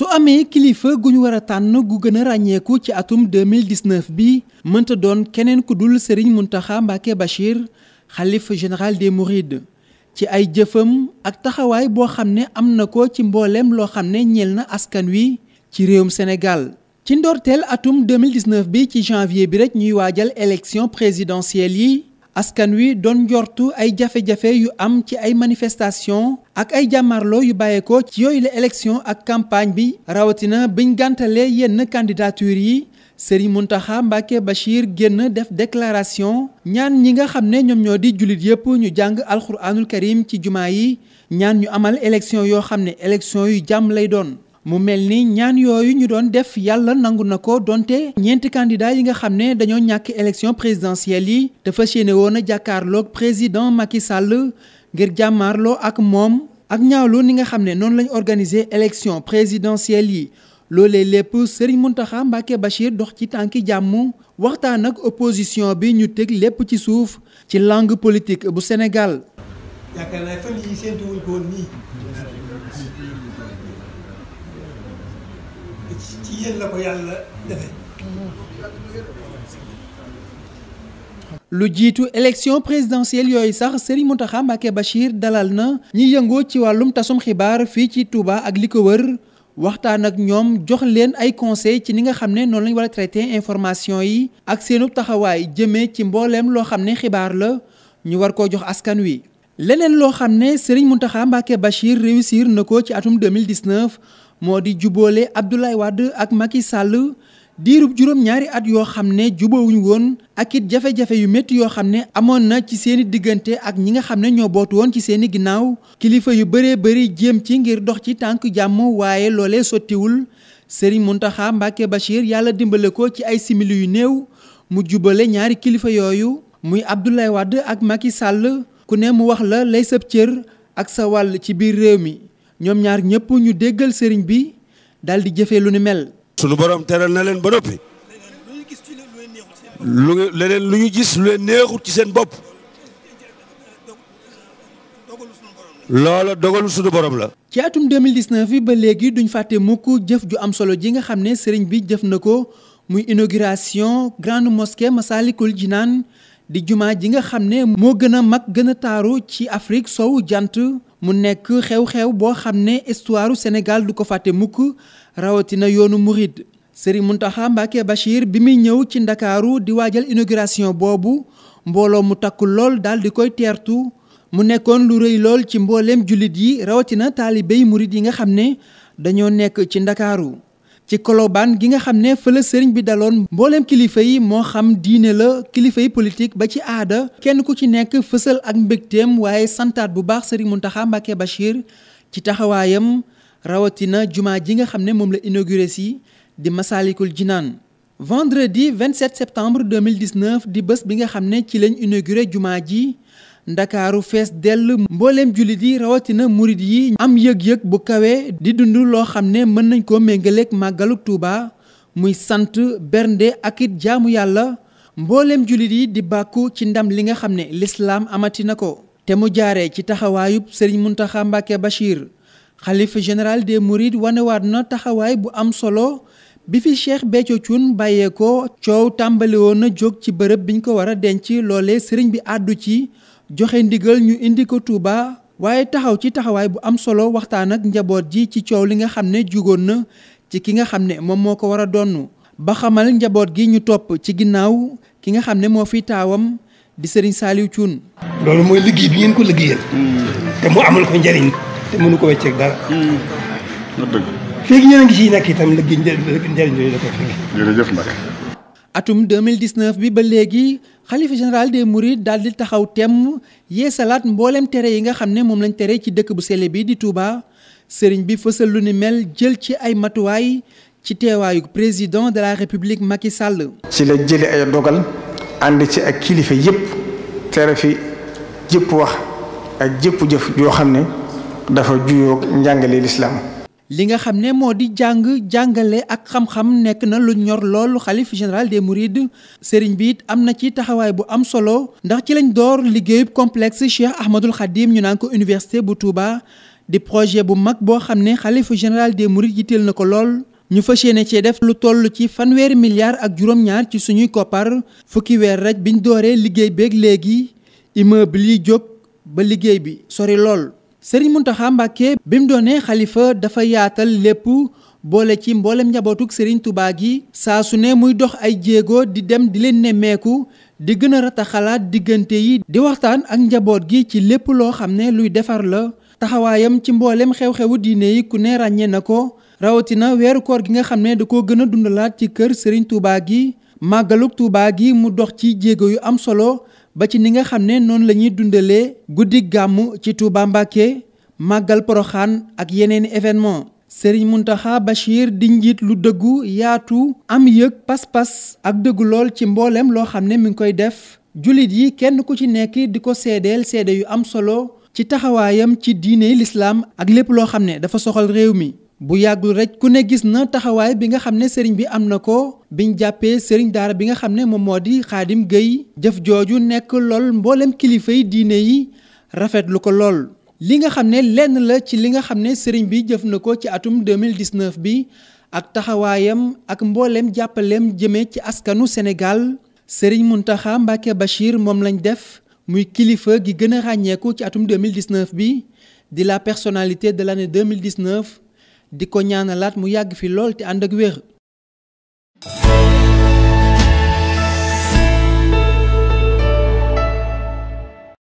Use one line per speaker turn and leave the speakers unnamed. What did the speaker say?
su amee kilifa gu ñu war a tànn gu gën a ràññeeku ci atum 2019 bi mënta doon keneen ku dul Serigne Mountakha Mbacké Bachir xalif général des Mourides ci ay jëfam ak taxawaay boo xam ne am na ko ci mbooleem loo xam ne ñeel na askan wi ci réewum Sénégal ci ndoorteel atum 2019 bi ci janvier bi rek ñuy waajal élection présidentielle yi askan wi doon njortu ay jafe-jafe yu am ci ay manifestation ak ay jàmmarloo yu bàyyeekoo ci yooyu la élection ak campagne bi rawatina biñ gàntalee yenn candidature yi Serigne Mountakha Mbacké Bachir génn def déclaration ñaan ñi nga xam ne ñoom ñoo di jullit yépp ñu jàng alxuraanul karim ci jumaa yi ñaan ñu amal élection yoo xam ne élection yu jàmm lay doon mu mel ni ñaan yooyu ñu doon def yàlla nangu na ko donte ñeenti candidat yi nga xam ne dañoo ñàkk élection présidentielle yi dafa séene woon a jàkkaarloog président Macky Sall ngir jàmmaarloo ak moom ak ñaawlu ni nga xam ne noonu lañu organiser élection présidentielle yi loolee lépp Serigne Mountakha Mbacké Bachir dox ci tànki jàmm waxtaan ak opposition bi ñu teg lépp ci suuf ci langue politique bu Sénégal. lu jiitu élection présidentielle yooyu sax Serigne Mountakha Mbacké Bachir dalal na ñi yëngoo ci wàllum tasum xibaar fii ci Touba ak li ko wër waxtaan ak ñoom jox leen ay conseil ci ni nga xam ne noonu lañu war a traité information yi ak seenu taxawaay jëme ci mbooleem loo xam ne xibaar la ñu war koo jox askan wi. leneen loo xam ne Serigne Mountakha Mbacké Bachir réussir na ko ci atum 2019 moo di jubóole Abdoulaye Wade ak Macky sàll diirub juróom ñaari at yoo xam ne jubawuñu woon ak it jafe-jafe yu métti yoo xam ne amoon na ci seeni diggante ak ñi nga xam ne ñoo bootu woon ci seeni ginnaaw kilifa yu bëree bëri jéem ci ngir dox ci tànk jàmm waaye loole sottiwul Serigne Mountakha Mbacké Bachir yàlla dimbale ko ci ay simili yu néew mu jubale ñaari kilifa yooyu muy Abdoulaye Wade ak Macky sàll ku ne mu wax la lay sëb cër ak sa wàll ci biir réew mi ñoom ñaar ñëpp ñu déggal sëriñ bi daal di jëfee lu ni mel. sunu borom teral na leen ba noppi. lu leneen lu ñu gis lu leen neexut ci seen bopp. loola dogalu sunu borom la. ci atum 2019 bi ba léegi duñ fàtte mukk jëf ju am solo ji nga xam ne sëriñ bi jëf na ko muy inauguration grande mosquée ji naan di jumaa ji nga xam ne moo gën a mag gën a taaru ci Afrique sowu jant. mu nekk xew-xew boo xam ne histoire Sénégal du ko fàtte mukk rawatina yoonu Mouride. Serigne Mountakha Mbacké Bachir bi muy ñëw ci ndakaaru di waajal inauguration boobu mbooloo mu takku lool daal di koy teertu mu nekkoon lu rëy lool ci mbooleem jullit yi rawatina taalibe yi Mouride yi nga xam ne dañoo nekk ci ndakaaru ci kolobaan gi nga xam ne fëla sëriñ bi daloon mbooleem kilifa yi moo xam diine la kilifay yi politique ba ci aada kenn ku ci nekk fësal ak mbégteem waaye santaat bu baax sëriñ Muntaxa Mbàkke Bachir ci taxawaayam rawatina jumaa ji nga xam ne moom la inauguré si di Masaalikul Jinaan vendredi 27 septembre 2019 di bés bi nga xam ne ci lañ inauguré jumaa ji ndakaaru fees dell mbooleem jullit yi rawatina murit yi am yëg-yëg bu kawee di dund loo xam ne mën nañ koo méngaleeg màggalu Tuuba muy sant bernde ak it jaamu yàlla mboolem jullit yi di bàkku ci ndam li nga xam ne lislaam amati na ko te mu jaaree ci taxawaayub Serigne Mountakha Mbacké Bachir xalifa général des mourides wanewaat na taxawaay bu am solo bi fi Cheikh Béthio Thioune bàyyee ko coow tàmbali woon na jóg ci bërëb biñ ko war a denc loole sëriñ bi àddu ci joxe ndigal ñu indi ko Touba waaye taxaw ci taxawaay bu am solo waxtaan ak njaboot ji ci coow li nga xam ne jugoon na ci ki nga xam ne moom moo ko war a donn ba xamal njaboot gi ñu topp ci ginnaaw ki nga xam ne moo fi taawam di sëriñ Saliou Thioune. loolu mooy liggéey bi ngeen ko liggéeyal. te mu amal ko njariñ te mënu ko wecceeg dara. dëgg. feeg ngi ciy nekk itam liggéey njëriñ njëriñ yooyu la koy fekkee. jërëjëf Mbacke. atum 2019 bi ba léegi xalifa général des mourides daal di taxaw temm yeesalaat mboolem tere yi nga xam ne moom lañ tere ci dëkk bu selle bi di Touba sëriñ bi fësal lu ni mel jël ci ay matuwaay ci teewaayu président de la république Macky sàll ci la jële ay dogal ànd ci ak kilifa yépp tere fi jëpp wax ak jëpp jëf yoo xam ne dafa juyoog njàngale lislaam li nga xam ne moo di jàng jàngale ak xam-xam nekk na lu ñor loolu xalifa général des mourides sëriñ bi it am na ci taxawaay bu am solo ndax ci lañ door liggéeyub complexe Cheikh Ahmadul Khadim ñu naan ko université bu Touba di projet bu mag boo xam ne xalifa général des mourides yitteel na ko lool ñu fas yéene cee def lu toll ci fanweeri milliards ak juróom-ñaar ci suñuy koppar fukki weer rek biñ dooree liggéey beeg léegi immeuble yi jóg ba liggéey bi sori lool Serigne Mountakha Mbacké bi mu doonee xalifa dafa yaatal lépp boole ci mboolem njabootug Serigne Touba gi saa su ne muy dox ay jéego di dem di leen nemmeeku di gën a rataxalaat diggante yi di waxtaan ak njaboot gi ci lépp loo xam ne luy defar la taxawaayam ci mboolem xew-xewu diine yi ku ne ràññe na ko rawatina weeru koor gi nga xam ne da ko gën a dundalaat ci kër Serigne Touba gi màggaluk Touba gi mu dox ci jéego yu am solo ba ci ni nga xam ne noonu la ñuy dundalee guddi gàmm ci Touba Mbacké màggal poroxaan ak yeneen événement Serigne Mountakha Bachir di njiit lu dëggu yaatu am yëg pas-pas ak dëggu lool ci mboolem loo xam ne mi ngi koy def jullit yi kenn ku ci nekk di ko seedeel seede yu am solo ci taxawaayam ci diine lislaam ak lépp loo xam ne dafa soxal réew mi bu yàggul rek ku ne gis na taxawaay bi nga xam ne sëriñ bi am na ko biñ jàppee sëriñ daara bi nga xam ne moom moo di xaadim géy jëf jooju nekk lool mboolem kilifa yi diine yi rafetlu ko lool. li nga xam ne lenn la ci li nga xam ne sëriñ bi jëf na ko ci atum 2019 bi ak taxawaayam ak mboolem jàppaleem jëmee ci askanu Sénégal sëriñ Muntaxa Mbàkke Bachir moom lañ def muy kilifa gi gën a ràññeeku ci atum 2019 bi di la personnalité de l'année 2019. di ko ñaanalaat mu yàgg fi lool te ànd ak wér